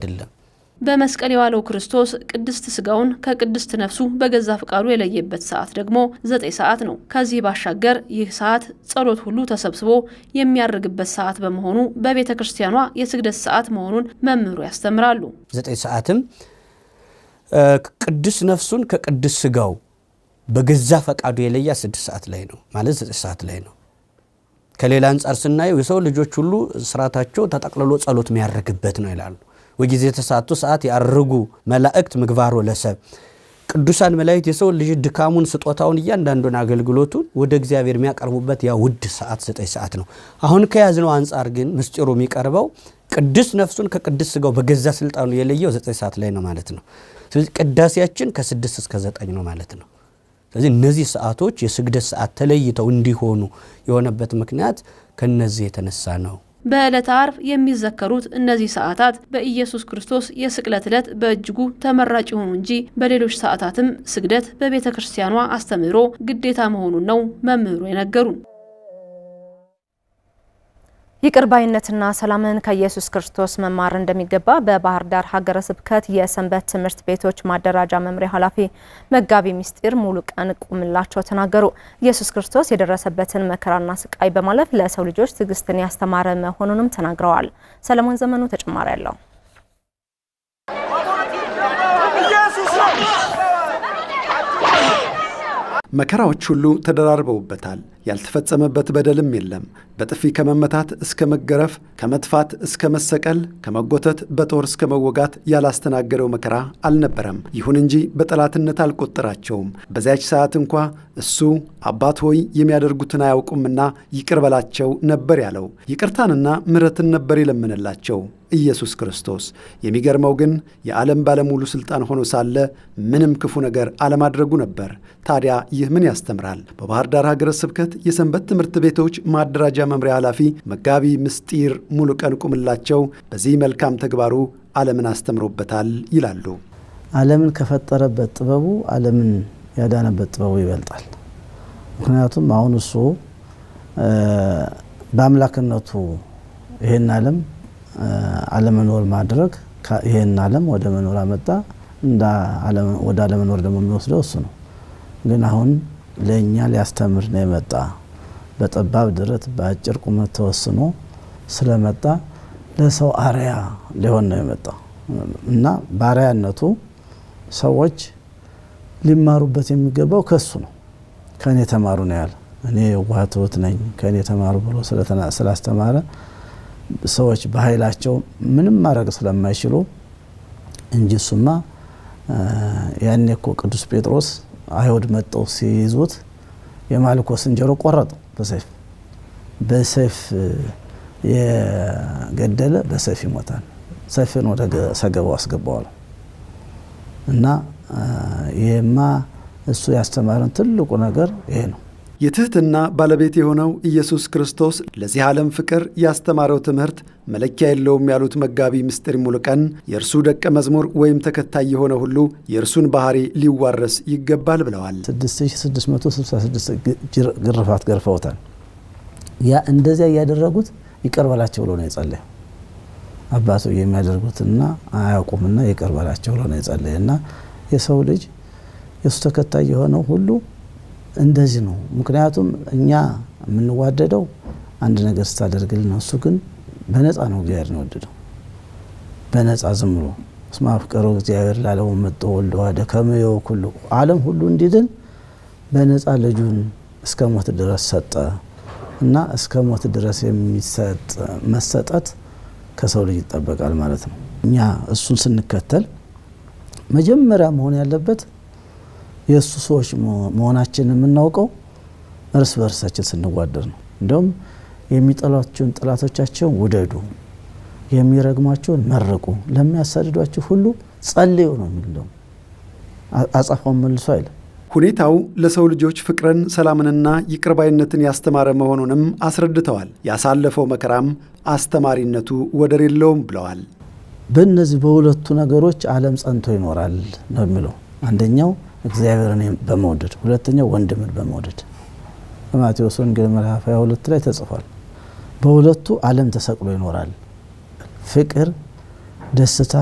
አይደለም። በመስቀል የዋለው ክርስቶስ ቅድስት ስጋውን ከቅድስት ነፍሱ በገዛ ፍቃዱ የለየበት ሰዓት ደግሞ ዘጠኝ ሰዓት ነው። ከዚህ ባሻገር ይህ ሰዓት ጸሎት ሁሉ ተሰብስቦ የሚያርግበት ሰዓት በመሆኑ በቤተ ክርስቲያኗ የስግደት ሰዓት መሆኑን መምህሩ ያስተምራሉ። ዘጠኝ ሰዓትም ቅዱስ ነፍሱን ከቅዱስ ስጋው በገዛ ፈቃዱ የለያ ስድስት ሰዓት ላይ ነው ማለት ዘጠኝ ሰዓት ላይ ነው። ከሌላ አንጻር ስናየው የሰው ልጆች ሁሉ ስርዓታቸው ተጠቅልሎ ጸሎት የሚያደርግበት ነው ይላሉ። ወጊዜ ተሳቱ ሰዓት ያርጉ መላእክት ምግባሮ ለሰብ ቅዱሳን መላእክት የሰው ልጅ ድካሙን፣ ስጦታውን፣ እያንዳንዱን አገልግሎቱን ወደ እግዚአብሔር የሚያቀርቡበት ያ ውድ ሰዓት ዘጠኝ ሰዓት ነው። አሁን ከያዝነው አንጻር ግን ምስጢሩ የሚቀርበው ቅዱስ ነፍሱን ከቅዱስ ስጋው በገዛ ስልጣኑ የለየው ዘጠኝ ሰዓት ላይ ነው ማለት ነው። ስለዚህ ቅዳሴያችን ከስድስት እስከ ዘጠኝ ነው ማለት ነው። ስለዚህ እነዚህ ሰዓቶች የስግደት ሰዓት ተለይተው እንዲሆኑ የሆነበት ምክንያት ከነዚህ የተነሳ ነው። በዕለተ አርፍ የሚዘከሩት እነዚህ ሰዓታት በኢየሱስ ክርስቶስ የስቅለት ዕለት በእጅጉ ተመራጭ ይሆኑ እንጂ በሌሎች ሰዓታትም ስግደት በቤተ ክርስቲያኗ አስተምህሮ ግዴታ መሆኑን ነው መምህሩ የነገሩን። ይቅርባይነትና ሰላምን ከኢየሱስ ክርስቶስ መማር እንደሚገባ በባህር ዳር ሀገረ ስብከት የሰንበት ትምህርት ቤቶች ማደራጃ መምሪያ ኃላፊ መጋቢ ምስጢር ቀን ቁምላቸው ተናገሩ። ኢየሱስ ክርስቶስ የደረሰበትን መከራና ስቃይ በማለፍ ለሰው ልጆች ትዕግስትን ያስተማረ መሆኑንም ተናግረዋል። ሰለሞን ዘመኑ ተጨማሪ አለው። መከራዎች ሁሉ ተደራርበውበታል። ያልተፈጸመበት በደልም የለም። በጥፊ ከመመታት እስከ መገረፍ፣ ከመጥፋት እስከ መሰቀል፣ ከመጎተት በጦር እስከ መወጋት ያላስተናገደው መከራ አልነበረም። ይሁን እንጂ በጠላትነት አልቆጠራቸውም። በዚያች ሰዓት እንኳ እሱ አባት ሆይ የሚያደርጉትን አያውቁምና ይቅር በላቸው ነበር ያለው። ይቅርታንና ምሕረትን ነበር የለምንላቸው ኢየሱስ ክርስቶስ። የሚገርመው ግን የዓለም ባለሙሉ ሥልጣን ሆኖ ሳለ ምንም ክፉ ነገር አለማድረጉ ነበር። ታዲያ ይህ ምን ያስተምራል? በባህር ዳር ሀገረ ስብከት የሰንበት ትምህርት ቤቶች ማደራጃ መምሪያ ኃላፊ መጋቢ ምስጢር ሙሉቀን ቁምላቸው በዚህ መልካም ተግባሩ ዓለምን አስተምሮበታል ይላሉ። ዓለምን ከፈጠረበት ጥበቡ ዓለምን ያዳነበት ጥበቡ ይበልጣል። ምክንያቱም አሁን እሱ በአምላክነቱ ይህን ዓለም አለመኖር ማድረግ ይህን ዓለም ወደ መኖር አመጣ። ወደ አለመኖር ደግሞ የሚወስደው እሱ ነው ግን አሁን ለእኛ ሊያስተምር ነው የመጣ። በጠባብ ድረት በአጭር ቁመት ተወስኖ ስለመጣ ለሰው አርያ ሊሆን ነው የመጣ እና በአርያነቱ ሰዎች ሊማሩበት የሚገባው ከሱ ነው። ከእኔ ተማሩ ነው ያለ። እኔ የዋህ ነኝ ከእኔ ተማሩ ብሎ ስላስተማረ ሰዎች በኃይላቸው ምንም ማድረግ ስለማይችሉ እንጂ እሱማ ያኔ እኮ ቅዱስ ጴጥሮስ አይሁድ መጠው ሲይዙት የማልኮስን ጆሮ ቆረጡ በሰይፍ በሰይፍ የገደለ በሰይፍ ይሞታል። ሰይፍን ወደ ሰገባው አስገባዋል እና ይህማ እሱ ያስተማረን ትልቁ ነገር ይሄ ነው። የትህትና ባለቤት የሆነው ኢየሱስ ክርስቶስ ለዚህ ዓለም ፍቅር ያስተማረው ትምህርት መለኪያ የለውም ያሉት መጋቢ ምስጢር ሙሉቀን የእርሱ ደቀ መዝሙር ወይም ተከታይ የሆነ ሁሉ የእርሱን ባህሪ ሊዋረስ ይገባል ብለዋል። 6666 ግርፋት ገርፈውታል። ያ እንደዚያ እያደረጉት ይቀርበላቸው በላቸው ብሎ ነው የጸለየው። አባቱ የሚያደርጉትና አያውቁምና ይቀርበላቸው በላቸው ብሎ ነው የጸለየ እና የሰው ልጅ የእሱ ተከታይ የሆነው ሁሉ እንደዚህ ነው። ምክንያቱም እኛ የምንዋደደው አንድ ነገር ስታደርግልን፣ እሱ ግን በነፃ ነው እግዚአብሔር ነው በነፃ ዝም ብሎ እስመ እግዚአብሔር ላለው መጥቶ ወልደ ዋሕደ ከመ ይእዜሰ ዓለም ሁሉ እንዲድን በነፃ ልጁን እስከ ሞት ድረስ ሰጠ እና እስከ ሞት ድረስ የሚሰጥ መሰጠት ከሰው ልጅ ይጠበቃል ማለት ነው። እኛ እሱን ስንከተል መጀመሪያ መሆን ያለበት የእሱ ሰዎች መሆናችን የምናውቀው እርስ በእርሳችን ስንዋደር ነው። እንዲሁም የሚጠሏችሁን ጥላቶቻቸውን ውደዱ፣ የሚረግሟችሁን መርቁ፣ ለሚያሳድዷችሁ ሁሉ ጸልዩ ነው የሚለው። አጻፋውን መልሶ አይለ ሁኔታው ለሰው ልጆች ፍቅርን፣ ሰላምንና ይቅርባይነትን ያስተማረ መሆኑንም አስረድተዋል። ያሳለፈው መከራም አስተማሪነቱ ወደር የለውም ብለዋል። በእነዚህ በሁለቱ ነገሮች ዓለም ጸንቶ ይኖራል ነው የሚለው አንደኛው እግዚአብሔርን በመውደድ ሁለተኛው ወንድምን በመውደድ በማቴዎስ ወንጌል ምዕራፍ 22 ላይ ተጽፏል። በሁለቱ ዓለም ተሰቅሎ ይኖራል። ፍቅር፣ ደስታ፣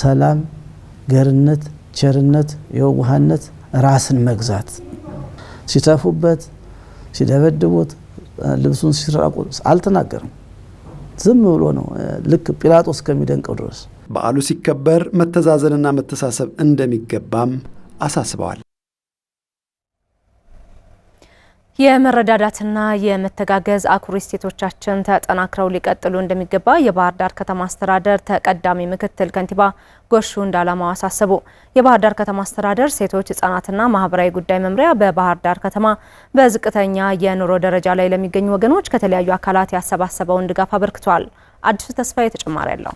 ሰላም፣ ገርነት፣ ቸርነት፣ የዋህነት፣ ራስን መግዛት ሲተፉበት፣ ሲደበድቡት፣ ልብሱን ሲራቁ አልተናገርም። ዝም ብሎ ነው። ልክ ጲላጦስ ከሚደንቀው ድረስ በዓሉ ሲከበር መተዛዘንና መተሳሰብ እንደሚገባም አሳስበዋል። የመረዳዳትና የመተጋገዝ አኩሪ እሴቶቻችን ተጠናክረው ሊቀጥሉ እንደሚገባ የባህር ዳር ከተማ አስተዳደር ተቀዳሚ ምክትል ከንቲባ ጎሹ እንዳላማው አሳሰቡ። የባህር ዳር ከተማ አስተዳደር ሴቶች ሕጻናትና ማህበራዊ ጉዳይ መምሪያ በባህር ዳር ከተማ በዝቅተኛ የኑሮ ደረጃ ላይ ለሚገኙ ወገኖች ከተለያዩ አካላት ያሰባሰበውን ድጋፍ አበርክቷል። አዲሱ ተስፋዬ ተጨማሪ አለው።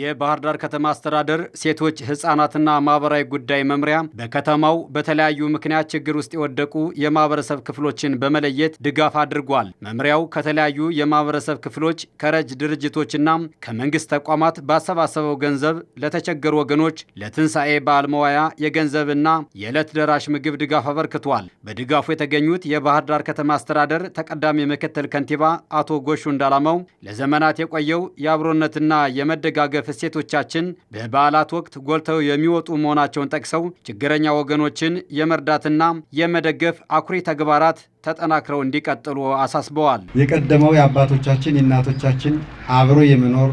የባህር ዳር ከተማ አስተዳደር ሴቶች ህጻናትና ማህበራዊ ጉዳይ መምሪያ በከተማው በተለያዩ ምክንያት ችግር ውስጥ የወደቁ የማህበረሰብ ክፍሎችን በመለየት ድጋፍ አድርጓል። መምሪያው ከተለያዩ የማህበረሰብ ክፍሎች ከረጅ ድርጅቶችና ከመንግስት ተቋማት ባሰባሰበው ገንዘብ ለተቸገሩ ወገኖች ለትንሣኤ በዓል መዋያ የገንዘብና የዕለት ደራሽ ምግብ ድጋፍ አበርክቷል። በድጋፉ የተገኙት የባህር ዳር ከተማ አስተዳደር ተቀዳሚ ምክትል ከንቲባ አቶ ጎሹ እንዳላመው ለዘመናት የቆየው የአብሮነትና የመደጋገፍ አቀፍ እሴቶቻችን በበዓላት ወቅት ጎልተው የሚወጡ መሆናቸውን ጠቅሰው ችግረኛ ወገኖችን የመርዳትና የመደገፍ አኩሪ ተግባራት ተጠናክረው እንዲቀጥሉ አሳስበዋል። የቀደመው የአባቶቻችን የእናቶቻችን አብሮ የመኖር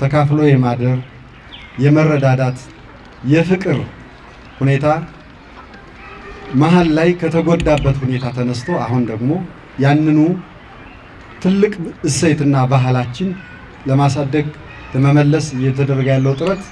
ተካፍሎ የማደር የመረዳዳት የፍቅር ሁኔታ መሀል ላይ ከተጎዳበት ሁኔታ ተነስቶ አሁን ደግሞ ያንኑ ትልቅ እሴትና ባህላችን ለማሳደግ ለመመለስ እየተደረገ ያለው ጥረት